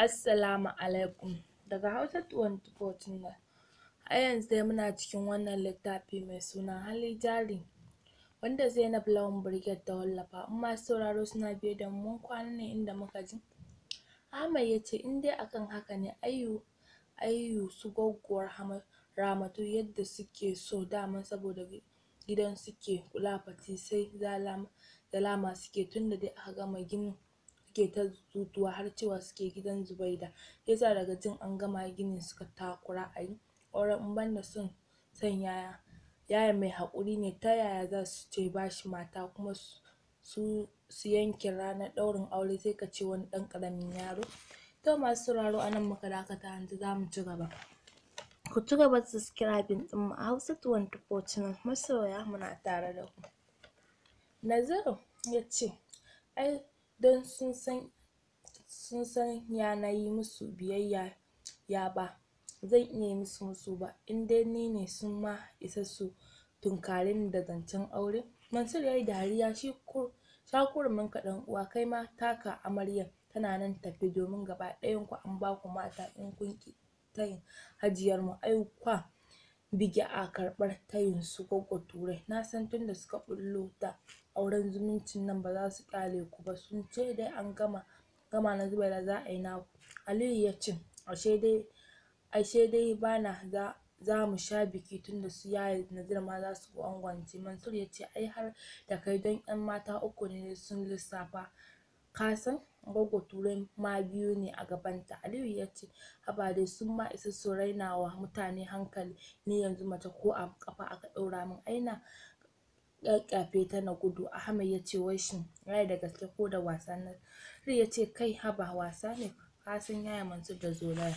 Assalamu alaikum daga Hausa fourteen channel a yanzu dai muna cikin wannan littafi mai suna hali jari wanda Zainab Lawan Brigade ta wallafa in masu sauraro suna biye da mu mun kwana ne inda muka ji Ahmad ya ce in dai akan haka ne ayyu ayyu su gwaggwar Ramatu yadda suke so dama saboda gidan suke kula fati sai zalama zalama suke tunda dai aka gama ginin suke ta zutuwa har cewa suke gidan Zubaida yasa daga jin an gama ginin suka takura ayi auren in banda son son yaya yaya mai haƙuri ne ta yaya za su ce bashi mata kuma su su yanke ranar ɗaurin aure sai ka ce wani ɗan ƙaramin yaro to masu sauraro nan muka dakata yanzu zamu cigaba ku cigaba da subscribing ɗinmu a Hausa 24 channel masoya muna tare da ku Naziru yace ai don sun san sun san ya yi musu biyayya ya ba zan iya yi musu musu ba in dai ni ne sun ma isa su tunkarin ni da zancen aure Mansur yi dariya shi ko shakurumin ka ɗan uwa kai ma taka amaryan tana nan tafi domin gaba ɗayan ku an baku mata in kun ta tayin hajiyar mu ai kwa bige a karɓar tayin su gwaggo Turai na san tunda suka ɓullo ta auren zumuncin nan ba za su ƙyale ku ba su ce dai an gama gama na Zubaira za a yi naku Aliyu ya ce ashe dai ashe dai bana za za mu sha biki tunda su yaya Nazir ma za su gwangwance Mansur ya ce ai har da kai don 'yan mata uku ne sun lissafa ka san Gwaggo Turai ma biyu ne a gabanta Aliyu ya ce haba dai sun ma isa su rainawa mutane hankali ni yanzu mace ko a kafa aka ɗaura min aina ƙyaƙƙyafe ta na gudu Ahmad ya ce wai shin yi da gaske ko da wasa Sai ya ce kai haba wasa ne ka san yaya Mansur da Zolaya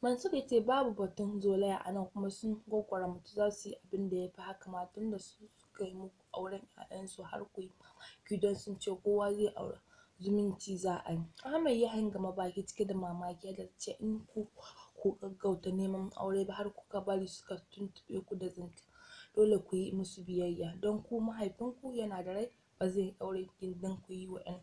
Mansur ya ce babu batun Zolaya a nan kuma sun gwaggwara mutu za su yi abin da ya fi haka ma da su suka yi muku auren 'ya'yansu har ku yi mamaki don sun ce kowa zai aura zumunci za a yi Ahmad ya hangama baki cike da mamaki ya ce in ku ku gaggauta neman aure ba har kuka bari suka tuntuɓe ku da zance dole ku yi musu biyayya don ku mahaifinku yana da rai ba zai ɗaure gidan ku yi wa ƴan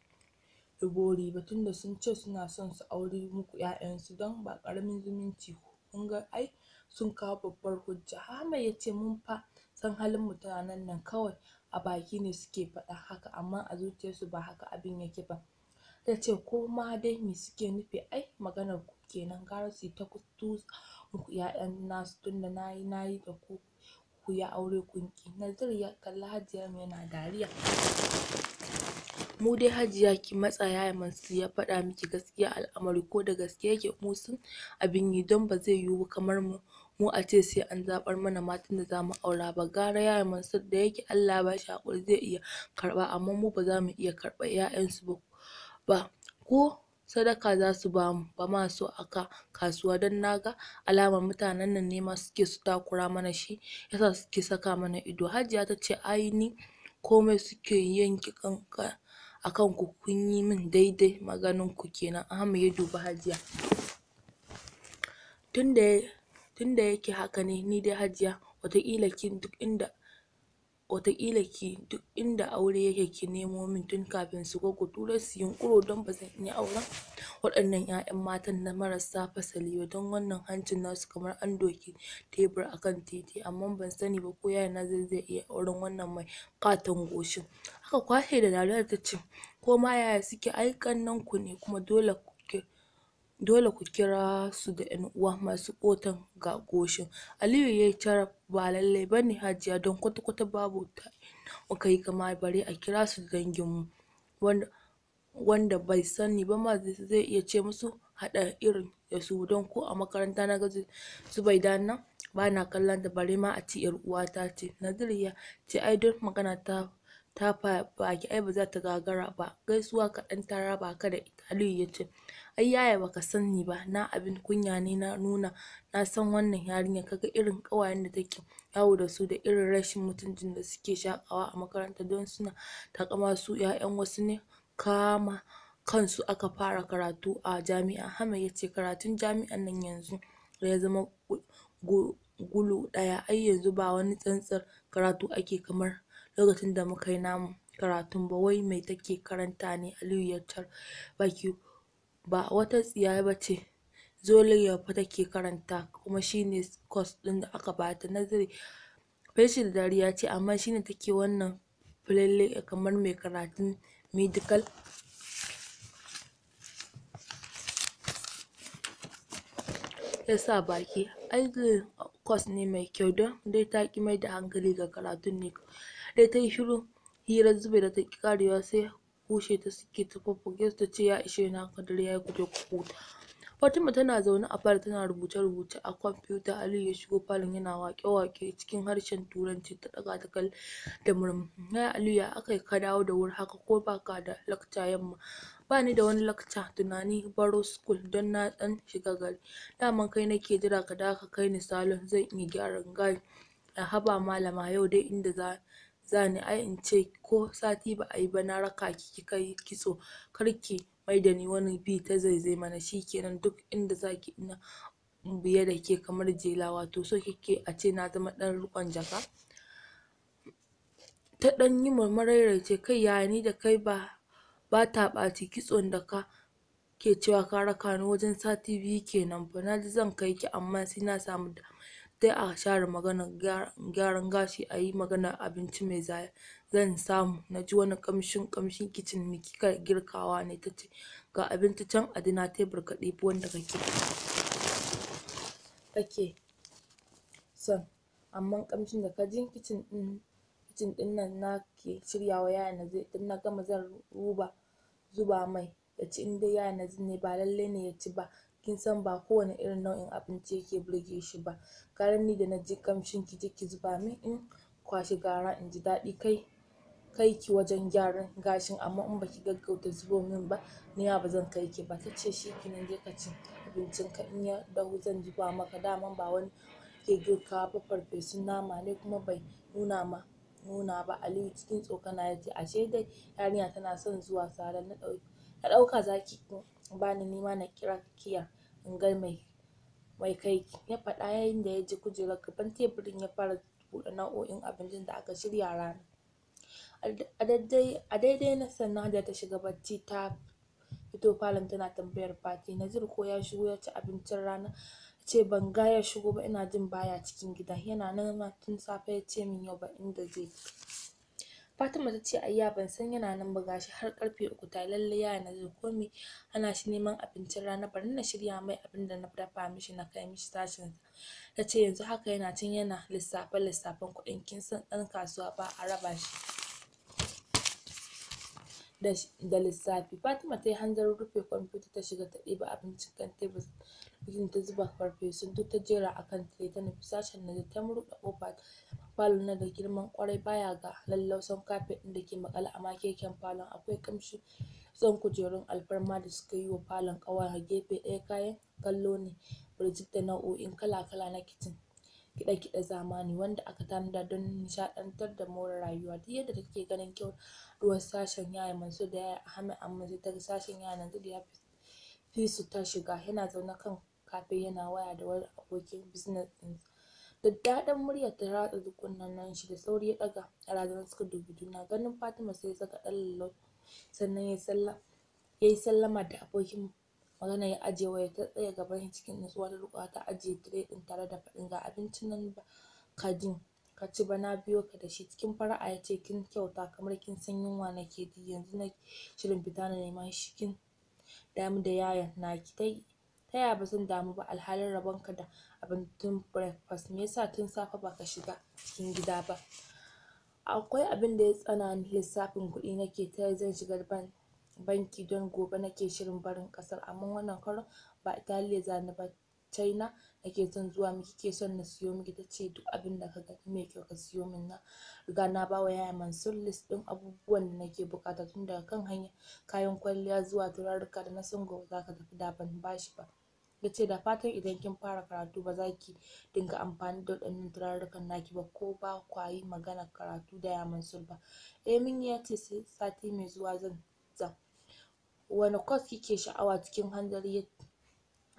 bori ba tunda sun ce suna son su aure muku ƴaƴansu don ba ƙaramin zumunci kun ga ai sun kawo babbar hujja Ahmad ya ce mun fa san halin mutanen nan kawai a baki ne suke faɗa haka amma a zuciyarsu ba haka abin yake ba ta ce ko ma dai me suke nufi ai maganar ku kenan gara su yi ta muku ƴaƴan nasu tunda na yi na yi da ku ku ya aure kun ƙi. Nazir ya kalli Hajiyarmu yana dariya. Mu dai Hajiya ki matsa Yaya Mansur ya faɗa miki gaskiya al'amari ko da gaske yake mu sun abin yi don ba zai yiwu kamar mu mu a ce sai an zaɓar mana matan da za mu aura ba gara Yaya Mansur da yake Allah ya ba shi zai iya karɓa amma mu ba za mu iya karɓar 'ya'yansu ba ba ko sadaka za su ba mu ba ma so a kasuwa don na ga alamar mutanen nan ne ma suke su takura mana shi ya sa suke saka mana ido. Hajiya ta ce ai komai suke yanke kanka a kanku kun yi min daidai maganin ku kenan. Ahmad ya dubi Hajiya tunda yake haka ne ni dai Hajiya wataƙila kin duk inda wataƙila ki duk inda aure yake ki nemo min tun kafin su gwaggo turai su yunƙuro don ba zan iya auren waɗannan ƴaƴan matan na marasa fasali ba don wannan hancin nasu kamar an doki tebur a kan titi amma ban sani ba ko yayana zai zai iya auren wannan mai ƙaton goshin. haka kwashe da dariya ta ce ko ma yaya suke ai ku ne kuma dole dole ku kira su da ƴan uwa masu ƙotan ga goshin Aliyu yayi carab ba lallai bane Hajiya don kwata-kwata babu muka yi kama bare a kira su dangin mu wanda wanda bai sani ba ma zai iya ce musu haɗa irin da su don ko a makaranta na ga Zubaida nan bana kallon da bare ma a ce ƴar uwata ce Nadir ya ce ai don magana ta ta baki ai baza ta gagara ba gaisuwa kaɗan ta raba ka da ita Aliyu yace ai yaya baka sani ba na abin kunya ne na nuna na san wannan yarinyar kaga irin ƙawayen da take yawo da su da irin rashin mutuncin da suke shaƙawa a makaranta don suna takama su ƴaƴan wasu ne kama kansu aka fara karatu a jami'a Ahmad yace karatun jami'an nan yanzu da ya zama gulu ɗaya ai yanzu ba wani tsantsar karatu ake kamar lokacin da muka yi namu karatun ba wai me take karanta ne Aliyu ya car baki ba wata tsiya ba ce zolaya fa take karanta kuma shine course ɗin da aka bata nazari facial dariya ce amma shine take wannan lalle kamar mai karatun medical yasa baki. Ai course ne mai kyau don dai ta ƙi da hankali ga karatun ne. dai ta yi shiru hirar zube da ta ƙi ƙarewa sai kushe ta suke ta faffoge su ta ce ya ishe na haka dare ya yi ku je Fatima tana zaune a falo tana rubuce-rubuce a kwamfuta Aliyu ya shigo falon yana waƙe-waƙe cikin harshen Turanci ta ɗaga ta kal da murmushi. Yaya Aliyu ya aka ka dawo da wuri haka ko baka da lakca yamma? Ba ni da wani lakca tunani baro school don na ɗan shiga gari. Daman kai nake jira ka dawo ka kai ni salon zan iya gyara na Haba malama yau dai inda za zani ai in ce ko sati ba ayi ba na raka ki kika kitso kar ki maida ni wani bi ta zaizai mana kenan duk inda zaki ina biye da ke kamar jela wato so kike a ce na zama ɗan riƙon jaka ta ɗan yi murmurar ce kai yaya ni da kai ba ba ta ɓaci kitson da ka ke cewa ka raka ni wajen sati biyu kenan fa na ji zan kai ki amma sai na samu sai a share maganan gyaran gashi a yi magana abinci mai za zan samu naji wani ƙamshin ƙamshin kicin me kika girkawa ne tace ga abinci can a aduna tebur ka ɗebi wanda kake kake son amman ƙamshin da kaji kicin ɗin kicin ɗin nan nake shiryawa yaya Nazir na gama zan ruba zuba mai yaci in dai yaya Nazir ne ba lallai ne ci ba. kin san ba kowane irin nau'in abinci yake burge shi ba gara ni da na kamshin ki je ki zuba min in kwashi gara in ji daɗi kai kai ki wajen gyaran gashin amma in baki gaggauta zubo min ba ni ba zan kai ki ba tace shikenan je ka ci abincin ka in ya dahu zan ji zuba maka daman ba wani ke girkawa ba farfesun nama ne kuma bai nuna ma nuna ba Aliyu cikin tsokana yace ashe dai yarinya tana son zuwa salon na ɗauki ka ɗauka zaki bani nima na kira kiya in ga mai mai kai ya faɗa yayin da ya ji kujerar gaban teburin ya fara buɗe nau'o'in abincin da aka shirya rana a daidai na sannan da ta shiga bacci ta fito falon tana tambayar Fati Nazir ko ya shigo ya ci abincin rana ce ban ga ya shigo ba ina jin baya cikin gida yana nan tun safe ya ce min yau ba inda zai Fatima ta ce ayya ban san yana nan ba gashi har karfe uku ta lalle yaya na zai kome ana shi neman abincin rana bari na shirya mai abin da na dafa mishi na kai mishi tashin ta ce yanzu haka yana can yana lissafe lissafen kuɗin kin san ɗan kasuwa ba a raba shi da da lissafi Fatima ta yi hanzarin rufe kwamfuta ta shiga ta ɗiba abincin kan tebur ta zuba farfesu duk ta jera a kan tire ta nufi sashen na ta murɗe ƙofa falon na da girman kwarai baya ga lallausan kafet ɗin da ke makala a makeken falon akwai kamshi zan kujerun alfarma da suka yi wa falon kawai a gefe ɗaya kayan kallo ne birjik da nau'o'in kala kala na kicin kiɗe kiɗe zamani wanda aka tanada don nishaɗantar da more rayuwa duk yadda take ganin kyau ruwan sashen yaya masu da yaya Ahmed amma ta taga sashen yaya da ya fi su ta shiga yana zaune kan kafe yana waya da wani abokin business ɗinsa daddaɗan muryar ta ratsa duk nan shi da sauri ya ɗaga a suka dubi juna ganin Fatima sai ya saka ɗan lallau sannan ya yi sallama da abokin magana ya ajiye waya ta tsaya gaban shi cikin nutsuwa ta riƙa ta ajiye tire ɗin tare da faɗin ga abincin nan ka jin ka ci ba biyo ka da shi cikin fara'a ya ce kin kyauta kamar kin san yunwa nake ji yanzu na shirin fita na neman shi kin damu da yayan naki yi ta yaya ba zan damu ba alhalin rabonka da abincin breakfast me yasa tun safe baka shiga cikin gida ba akwai abinda ya tsana ni lissafin kuɗi nake ta zan shiga ban banki don gobe nake shirin barin kasar. amma wannan karon ba Italiya ni ba China nake son zuwa me kike son na siyo miki tace duk abinda ka gani mai kyau ka siyo min na riga na bawa yaya Mansur list ɗin abubuwan da nake buƙata tun daga kan hanya kayan kwalliya zuwa turarruka da na san gobe zaka tafi da ban bashi ba ya ce da fatan idan kin fara karatu ba za ki dinga amfani da waɗannan turarrukan naki ba ko ba kwa yi magana karatu da ya mansur ba emin eh, ya ce sai sati mai zuwa zan zan wani kwas kike sha'awa cikin hanzari ya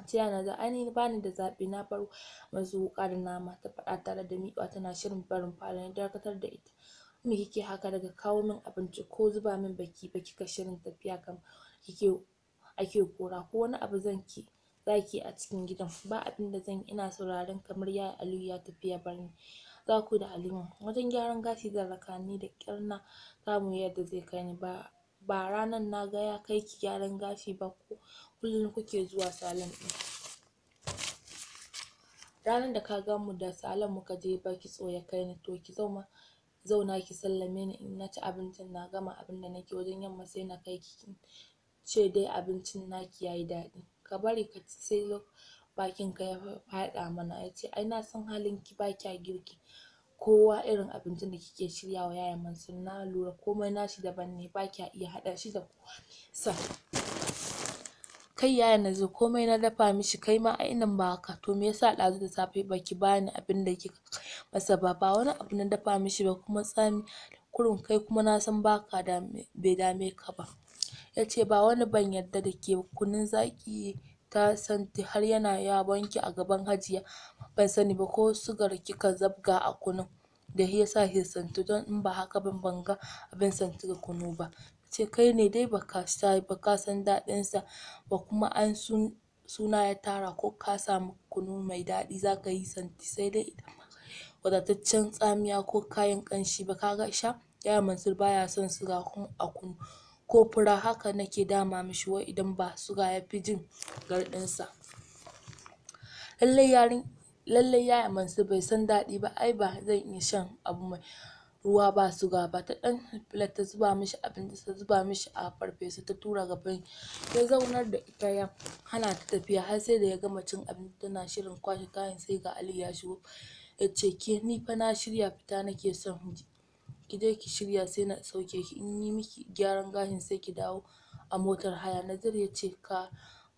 ce yana da ai bani da zaɓi na bar masu wuƙa da nama ta faɗa tare da miƙa tana shirin barin falon dakatar da ita kuma kike haka daga kawo min abinci ko zuba min baki ba kika shirin tafiya kam kike ake kora ko wani abu zan ki zaki a cikin gidan ba abinda yi ina sauraron kamar yaya Aliyu ya tafi ya za ku da Aliyu wajen gyaran gashi zan raka da ƙyar na yadda zai kaini ba ba ranan ga ya kai ki gyaran gashi ba ko kullum kuke zuwa salon ɗin ranar da ka ga mu da salon muka je ba kitso ya ni to ki zauna zauna ki sallame ni in naci abincin na gama abin abinda nake wajen yamma sai na kai ki ce dai abincin naki yayi daɗi ka bari ka ci sai bakin ka ya faɗa mana ce ai na san halin ki ba kya girki kowa irin abincin da kike shirya wa yayan sun na lura komai nashi daban ne ba kya iya haɗa shi da kowa sa kai yaya na zo komai na dafa mishi kai ma ai nan ba haka to me yasa ɗazu da safe baki bani abin da kika masa ba ba wani abu na dafa mishi ba kuma tsami kurum kai kuma na san baka dame bai dame ka ba yace ba wani ban yarda da ke kunun zaki ta santi har yana ya banki a gaban Hajiya ban sani ba ko sugar kika zabga a kunun da ya yasa ki santi don in ba haka ban ga abin santi ga kunu ba ce kai ne dai baka sa san daɗin ba kuma an suna ya tara ko ka samu kunu mai daɗi zaka yi santi sai dai idan wadataccen tsamiya ko kayan ƙanshi ba kaga sha Yaya Mansur baya son suga a kunu ko fura haka nake dama mishi wai idan ba suga fi jin garɗinsa lallai yarin lallai yaya Mansur bai san daɗi ba ai ba zan iya shan abu mai ruwa ba suga ba ta ɗan filet ta zuba mishi abinci ta zuba mishi a farfesu ta tura gaban ya zaunar da ita ya hana ta tafiya har sai da ya gama cin abinci tana shirin kwashe kayan sai ga Ali ya shigo ya ce ke ni fa na shirya fita nake son ki je ki shirya sai na sauke ki in yi miki gyaran gashin sai ki dawo a motar haya Nazir ya ce ka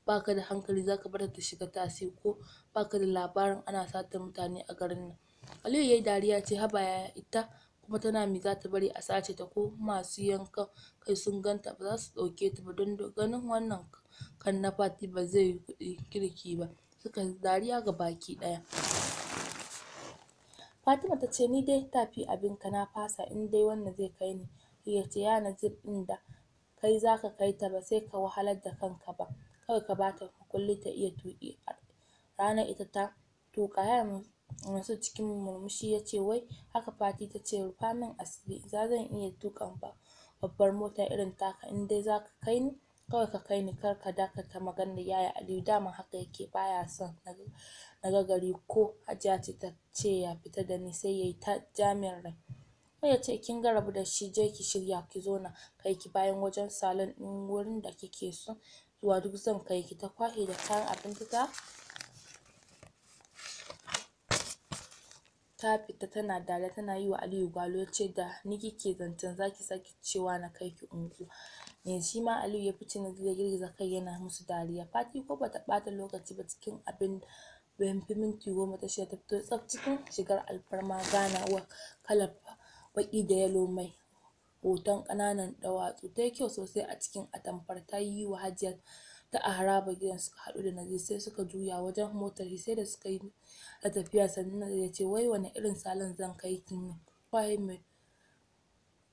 baka da hankali zaka bar ta shiga tasi ko baka da labarin ana satar mutane a garin nan Aliyu yayi dariya ce haba ya ita kuma tana za ta bari a sace ta ko masu yankan kai sun ganta ba za su ɗauke ta ba don ganin wannan kan na Fati ba zai yi kirki ba suka dariya ga baki ɗaya. Fatima ta ce ni dai tafi abinka na fasa in dai wannan zai kai ni. Ya ce ya Nazir ɗin da kai za ka kai ta ba sai ka wahalar da kanka ba. Kawai ka ba ta mukulli ta iya tuƙi. rana ita ta tuƙa ya masu cikin murmushi ya ce wai haka Fati ta ce rufa min asiri za zan iya tuƙa ba babbar mota irin taka in dai za ka kai ni. kawai ka kai ni kar ka dakata maganar yaya Aliyu dama haka yake baya son naga gari ko Hajiya ce ta ce ya fita da ni sai yayi ta jami'ar rai sai ya ce kin ga rabu da shi je ki shirya ki zo na kai ki bayan wajen salon ɗin wurin da kike so zuwa duk zan kai ki ta kwashe da kayan abinci ta ta fita tana dariya tana yi wa Aliyu gwalo ya ce da ni kike zancen zaki sake cewa na kai ki ungu ne eh, shi ma Aliyu ya fice na zai girgiza kai yana musu dariya Fati ko bata bata lokaci ba cikin abin bayan minti goma ta shirya ta fito tsaf cikin shigar alfarma wa kalar baki da yalo mai hoton ƙananan ta yi kyau sosai a cikin atamfar ta yi wa Hajiya ta a haraba gidan suka haɗu da Nazir sai suka juya wajen motar shi sai da suka yi a tafiya sannan Nazir ya ce wai wani irin salon zan kai ki ne waye mai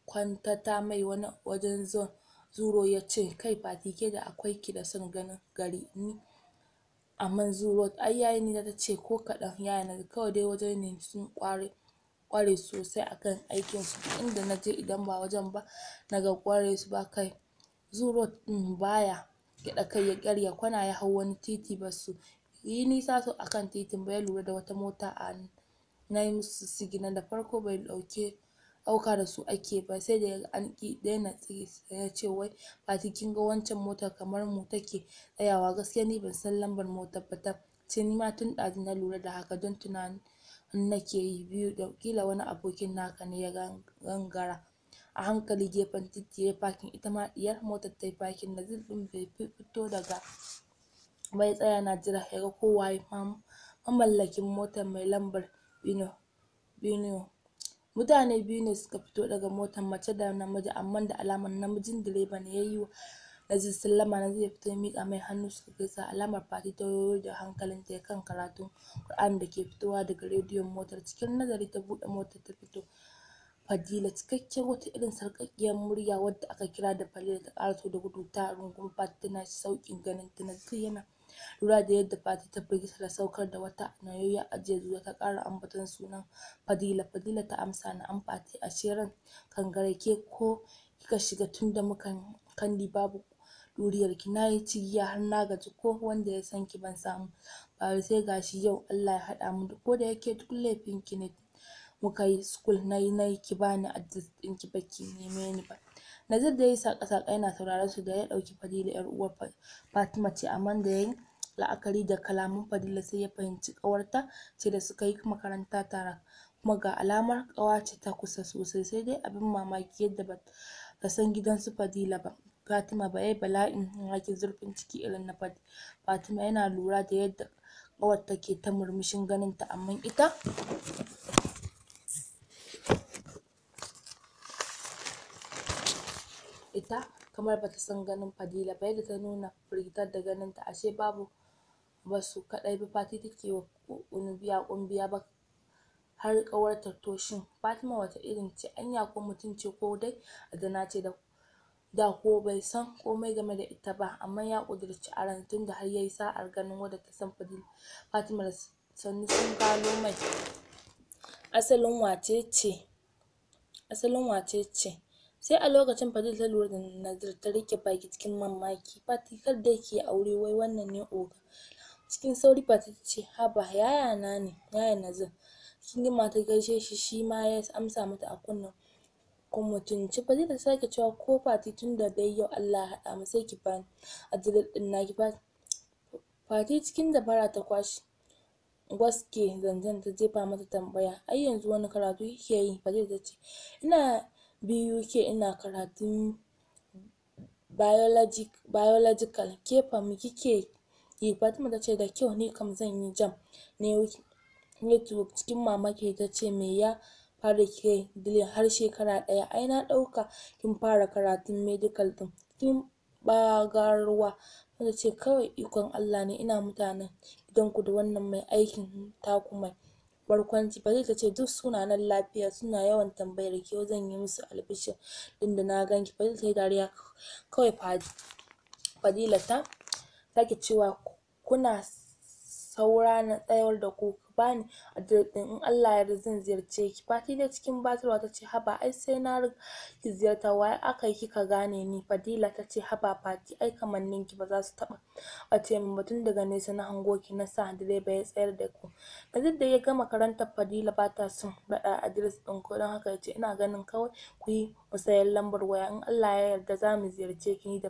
kwantata mai wani wajen zan zuro ya ce kai fati ke da akwai ki da son ganin gari ni amma zuro ai yayi ni ta ce ko kaɗan yaya na kawai dai wajen ne sun ƙware ƙware sosai akan aikin su inda na je idan ba wajen ba naga ga ƙware su ba kai zuro ɗin baya gyaɗa kai ya ƙyarya kwana ya hau wani titi basu yi nisa so akan titin ba ya lura da wata mota a na yi musu sigina da farko bai ɗauke ɗauka da su ake ba sai da yaga an ƙi daina ya ce wai fati kin ga wancan motar kamar mu take tsayawa gaskiya ni ban san lambar motar ba ta ce ni ma tun ɗazu na lura da haka don tunanin nake yi biyu da kila wani abokin naka ne ya gangara a hankali gefen titi yayi parking ita ma diyar motar tayi parking Nazir ɗin bai fito daga bai tsaya na jira yaga ko waye mamallakin motar mai lambar Bino Bino mutane biyu ne suka fito daga motar mace da namiji amma da alamar namijin direba ne yayi wa zai sallama na zai fito ya miƙa mai hannu suka gaisa alamar Fati ta yoyo da hankalin hankalinta kan karatun Qur'ani da ke fitowa daga rediyon motar cikin nazari ta buɗe motar ta fito Fadila cikakken wata irin sarƙaƙƙiyar murya wadda aka kira da Fadila ta ƙaraso da gudu ta rungun Fati tana sauƙin ganin ta na zai yana lura da yadda Fati ta firgita da saukar da wata a jiya zuwa ta ƙara ambaton sunan Fadila Fadila ta amsa na an Fati a shirin kangare ke ko kika shiga tun da muka kandi babu duriyar ki na yi cigiya har na gaji ko wanda ya san ki ban samu ba sai gashi yau Allah ya haɗa mu ko da yake duk laifin ki ne muka yi school nayi nayi ki bani address ba baki neme ni ba Nazir da yi saƙa-saƙa yana sauraron su da ya ɗauki Fadila ƴar uwar Fatima ce amma da yayi la'akari da kalaman Fadila sai ya fahimci ƙawarta ce da suka yi makaranta tara kuma ga alamar ƙawa ce ta kusa sosai sai dai abin mamaki yadda ba ta san gidan su Fadila ba Fatima ba yayi bala'in mamaki zurfin ciki irin na Fatima yana lura da yadda ƙawar take ta murmushin ganin ta amma ita ta kamar bata san ganin Fadila ba yadda ta nuna firgitar da ganin ta ashe babu basu kadai ba Fati take wa ƙunbiya ƙunbiya ba har ƙawarta to Fatima wata irin ce anya ko mutum ce ko dai adana ce da da ko bai san komai game da ita ba amma ya ƙudurci a tunda har yayi sa'ar ganin wadda ta san Fadila Fatima da sannu sun gano mai asalin wace ce asalin wace ce sai a lokacin Fadil ta lura da Nazir ta rike baki cikin mamaki Fati kar dai ki aure wai wannan ne oga cikin sauri Fati ta ce haba yaya na ne yaya Nazir ga ta gaishe shi shi ma ya amsa mata a ko mutum ce Fadil ta sake cewa ko Fati da dai yau Allah ya haɗa mu sai ki bani adilal ɗin ki Fati Fati cikin dabara ta kwashi gwaske zanzan ta jefa mata tambaya ai yanzu wani karatu kike yi Fadil ta ce ina BUK ina karatun biological ke fa kike yi? Fatima ta ce da kyau ni kam zan yi jam ne cikin mamaki ta ce me ya fara kike delay har shekara ɗaya? Ai na ɗauka kin fara karatun medical ɗin kin ɓagarwa ta ce kawai ikon Allah ne ina mutanen gidanku da wannan mai aikin taku mai barkwanci zai ta ce duk suna nan lafiya suna yawan tambayar ke zan yi musu albishin ɗin da na ganki zai ta yi dariya kawai Fadila ta ke cewa kuna saura na tsayar da ku ku bani address din in Allah ya yarda zan ziyarce ki Fati dai cikin batarwa tace haba ai sai na ki ziyarta waya yi kika gane ni Fadila tace haba Fati ai kamannin ki za su taɓa ɓace min ba daga nesa na hango ki na sa direba ya tsayar da ku Najib da ya ga makarantar Fadila ba bata son faɗa address ɗin ku don haka yace ina ganin kawai ku yi musayar lambar waya in Allah ya yarda zamu ziyarce ki ni da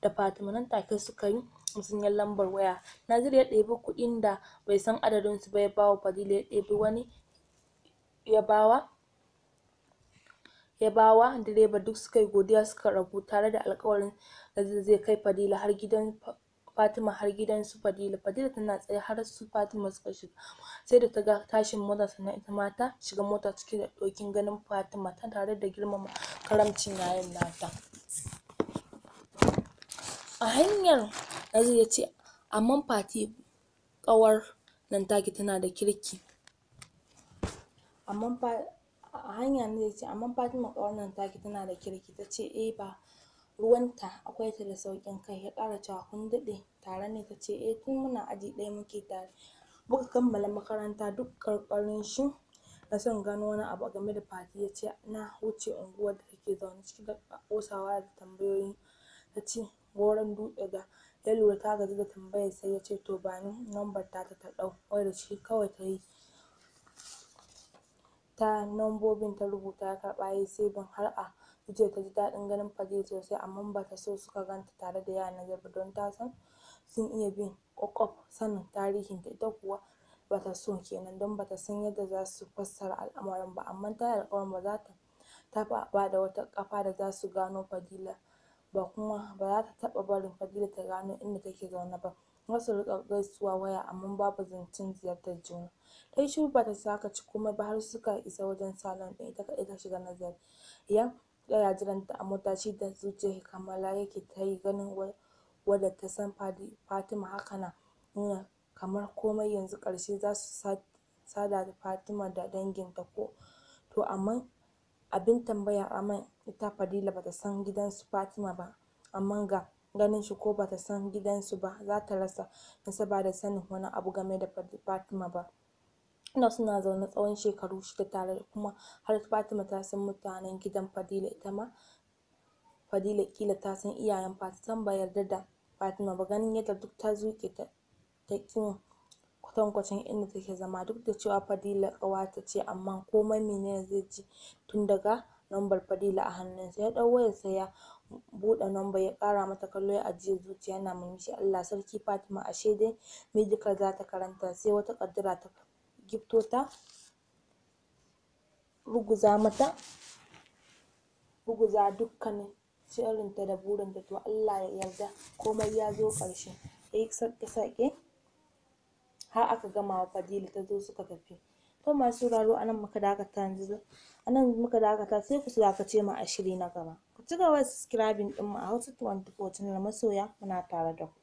da Fatima nan take suka yi musanyar lambar waya Nazir ya ɗebi kuɗin da bai san adadin su ba ya bawa Fadila ya ɗebi wani ya bawa ya bawa direba duk suka yi godiya suka rabu tare da alkawarin da zai kai Fadila har gidan Fatima har gidan su Fadila Fadila tana tsaye har su Fatima suka shiga sai da ta ga tashin mota sannan ita ma ta shiga mota cike da ɗokin ganin Fatima ta tare da girmama karamcin yayin nata a hanyar Nazir ya ce amman Fati ƙawar nan take tana da kirki. Amman fa a hanya ne ya ce amman Fatima ƙawar nan take tana da kirki ta ce eh ba ruwanta akwai ta da sauƙin kai ya ƙara cewa kun daɗe tare ne ta ce eh tun muna aji ɗaya muke tare. Muka kammala makaranta duk ƙarƙarin shi na son gano wani abu game da Fati ya ce na wuce unguwar da take zaune cikin da ƙosawa da tambayoyi ta ce goron dutse ga. ya lura ta gaji da tambayar sai ya ce to bani lambar ta ta ɗau wanda shi kawai ta yi ta lambobin ta rubuta ya karɓa ya yi sebin har a Jiya ta ji daɗin ganin Fadil sosai amma ba ta so suka ganta tare da yaran ba don ta san sun iya bin ƙwaƙwaf sanin tarihin tarihinta ita kuwa ba so kenan don ba san yadda za su fassara al'amarin ba amma ta yi alƙawarin ba za ta taɓa ba da wata ƙafa da za su gano Fadila ba kuma ba za ta taɓa barin Fadila ta gano inda take zaune ba. Za su riƙa gaisuwa waya amma babu zancen ziyartar juna. Ta yi ba ta saka ci kuma ba har suka isa wajen salon da ita kaɗai ta shiga nazari. Yan tsaya jiranta a mota shi da zuciyar kamala yake ta yi ganin wadda ta san Fatima haka na nuna kamar komai yanzu ƙarshe za su sada da Fatima da danginta ko to amma abin tambaya amma ita Fadila bata san gidansu Fatima ba amma ga ganin shi ko bata san gidan su ba za ta rasa nasaba da sanin wani abu game da Fatima ba inda suna zaune tsawon shekaru shida tare kuma har Fatima ta san mutanen gidan Fadila ita ma Fadila kila ta san iyayen Fatima ba yarda da Fatima ba ganin yadda duk ta zuke ta ta ƙin kwatankwacin inda take zama duk da cewa Fadila ƙawata ce amma komai menene zai ji tun daga lambar Fadila a hannunsa ya ɗau wayarsa ya buɗe lambar ya ƙara mata kallo ya ajiye zuciya yana murmushi Allah sarki Fatima ashe dai medical za ta karanta sai wata ƙaddara ta gifto ta ruguza mata ruguza dukkanin da burinta to Allah ya yarda komai ya zo ƙarshe ya yi sake har aka gama Fadila ta zo suka tafi. to masu sauraro a nan muka dakata yanzu a muka dakata sai ku dakace mu a shiri na gaba ku ci gaba da subscribing ɗinmu a Hausa 24 channel masoya muna tare da ku